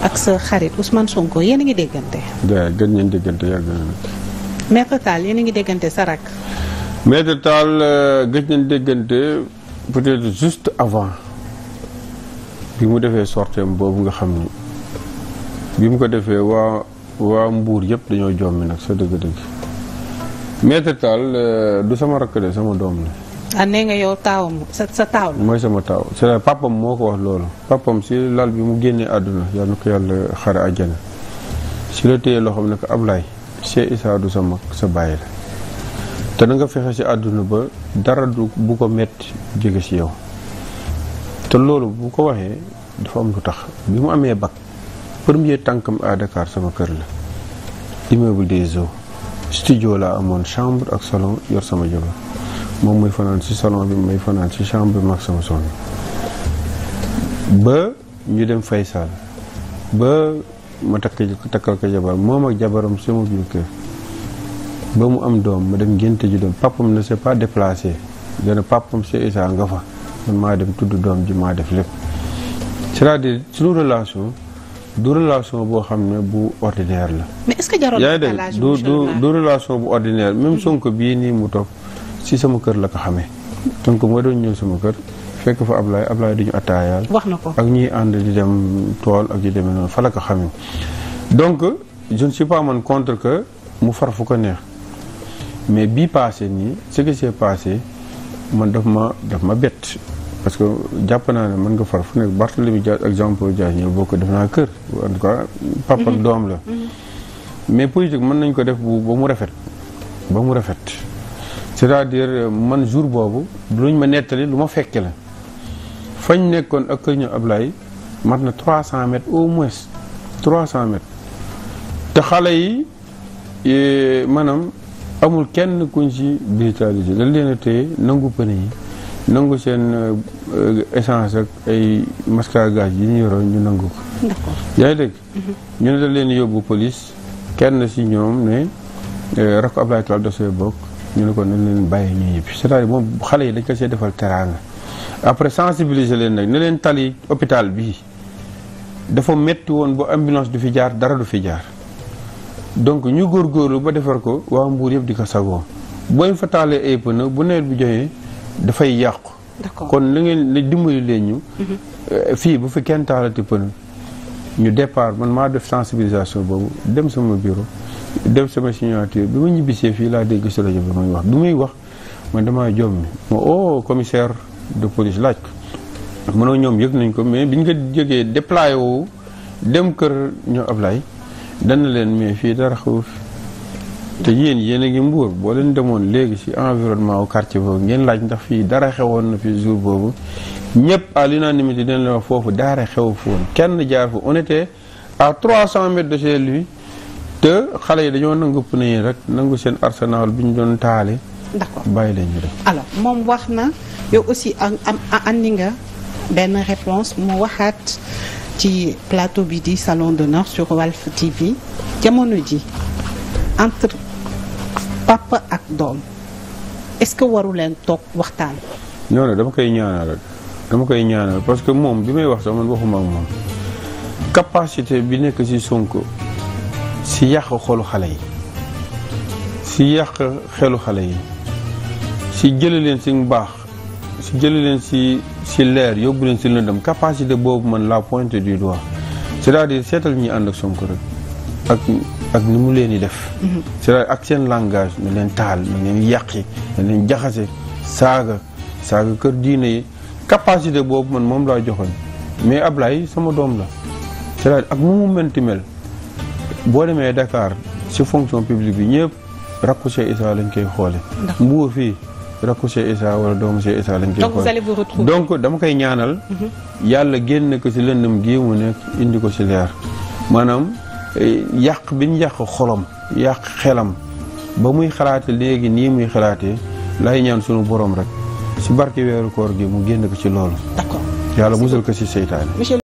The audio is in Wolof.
ak sa xarit Ousmane Sonko yéen a ngi déggante. waaw gën ngeen déggante yàgg na. maître Tall yéen a ngi déggante sa rakk. maître Tall euh, gëj nañ déggante peut-être juste avant bi mu defee sorteem boobu nga xam ni bi mu ko defee waa waa Mbour yëpp dañoo jommi nag sa dëgg-dëgg maître Tall euh, du sama rakk de sama doom la. ah nee nga yow taawam sa sa taaw la. mooy sama taaw sa papam moo ko wax loolu papam si lal bi mu génnee àdduna yal na ko yàlla xare àjjana si la téye loo xam ne ko Ablaye Cheikh Issa du sa mag sa bàyyi la te na nga fexe si àdduna ba dara du bu ko metti jóge si yow te loolu bu ko waxee dafa am lu tax bi mu amee bac premier tànkam à Dakar sama kër la immeuble des eaux studio laa amoon chambre ak salon yor sama jabar moom muy fanaan ci salon bi may fanaan ci chambre bi mag sama soxna ba ñu dem fay saal ba ma takk takkal ko jabar moom ak jabaram sama biir kër ba mu am doom ma dem ngénte ju dem papam ne s'est pas déplacé dana papam si Issa nga fa man maa dem tudd doom ji maa def lépp c'est-à-dire suñu relation du relation boo xam ne bu ordinaire la. mais est-ce du du relation bu ordinaire même sonk bii nii mu toog. si sama kër la ko xamee donc ma doon ñëw sama kër fekk fa Ablaye Ablaye di ñu attaayaal wax na ko ak ñuy ànd di dem tool ak yu demee noonu fa la ko xamee donc je ne suis pas man que mu far fu ko neex mais bii passé nii ce qui man daf ma daf ma bett parce que jàpp naa ne mën nga far fu nekk Barthélemy Dias ak Jean-Paul Dias ñoo ko def naa kër en tout cas papa mhm. doom la mhm. mais politique mën nañ ko def bu ba mu rafet ba mu rafet c'est-à-dire euh, man jour boobu luñ ma nettali lu ma fekke la fañ nekkoon ak kër ñu Ablaye mat na 300 mètres au moins 300 mètres te xale yi maanaam amul kenn kuñ si brutalisé dañ leen a téye nangu pëne yi nangu seen euh, essence ak ay masque à yi ñu yoroon ñu nangu ko. yaa ngi dégg. Mhm. ñu ne dañ leen yóbbu police kenn si ñoom ne euh, rakk Ablaye Tall da see bokk. ñu ne ko nañ leen bàyyi ñu ñibbi c'est-à-dire moom xale yi dañ ko see defal teraanga après sensibiliser leen nag ne leen tali hôpital bii dafa metti woon ba ambulance du fi jaar dara du fi jaar donc ñu góor góorgóorlu ba defar ko waa Mbuur yëpp di ko sagoo booy fa taalee ay pneu bu nawet bi joxee dafay yàqu kon li ngeen li dimbali leen ñu mhm. euh, fii bu fi kenn taalati pneu ñu départ man maa def sensibilisation boobu dem sama bureau dem sama signature bi ma ñibbisee fii laa dégg si rajo bi muy wax du muy wax ma damaa jommi ma oo oh, commissaire de police laaj ko mënoo ñoom yëg nañ ko mais biñ nga jógee déployé wu dem kër ñoo Ablaye dana leen mais fii dara xew te yéen yéen a ngi mbuur boo leen demoon léegi si environnement au quartier boobu ngeen laaj ndax fii dara xewoon na fi jour boobu ñëpp à l'unanimité dañ leen wax foofu dara xew foon kenn jaar fa on a à 300 mètres de chez te xale yi dañoo nangu pneu rek nangu seen arsenal bi ñu doon taale. d'accord bàyyi la ñu def. moom wax na yow aussi am andi nga benn réponse mu waxaat ci plateau bi di salon d'honneur sur Walf TV jamono ji entre papa ak doom est-ce que waru leen toog waxtaan. non non dama koy ñaanal rek dama koy ñaanal parce que moom bi may wax sax man waxuma ak moom capacité bi nekk ci Sonko. si yàq xolu xale yi si yàq xelu xale yi si jële leen si mu baax si jële leen si si leer yóbbu leen si lëndam capacité boobu man la pointe di doigt c'est-à-dire seetal ñi ànd ak sonk rek ak ak ni mu leen di def mhm. c'est-à-dire ak seen langage na leen taal na leen yàqi na leen jaxase saaga saaga kër diine yi capacité boobu man moom laa joxoon mais Ablaye sama doom la c'est-à-dire ak mu mu menti mel boo demee Dakar si fonction publique bi ñëpp rakku Cheikh Issa lañ koy xoole mbuur fii rakku Cheikh Issa wala doomu Cheikh Issa lañ koy xoole donc dama koy ñaanal mhm. yàlla génn ko ci lëndëm gii mu nekk indi ko si leer maanaam eh, yàq bi ñu yàq xolom yàq xelam ba muy xalaate léegi nii muy xalaatee lay ñaan sunu borom rek si barke weeru koor gi mu génn ko ci loolu yàlla musal ko si seytaane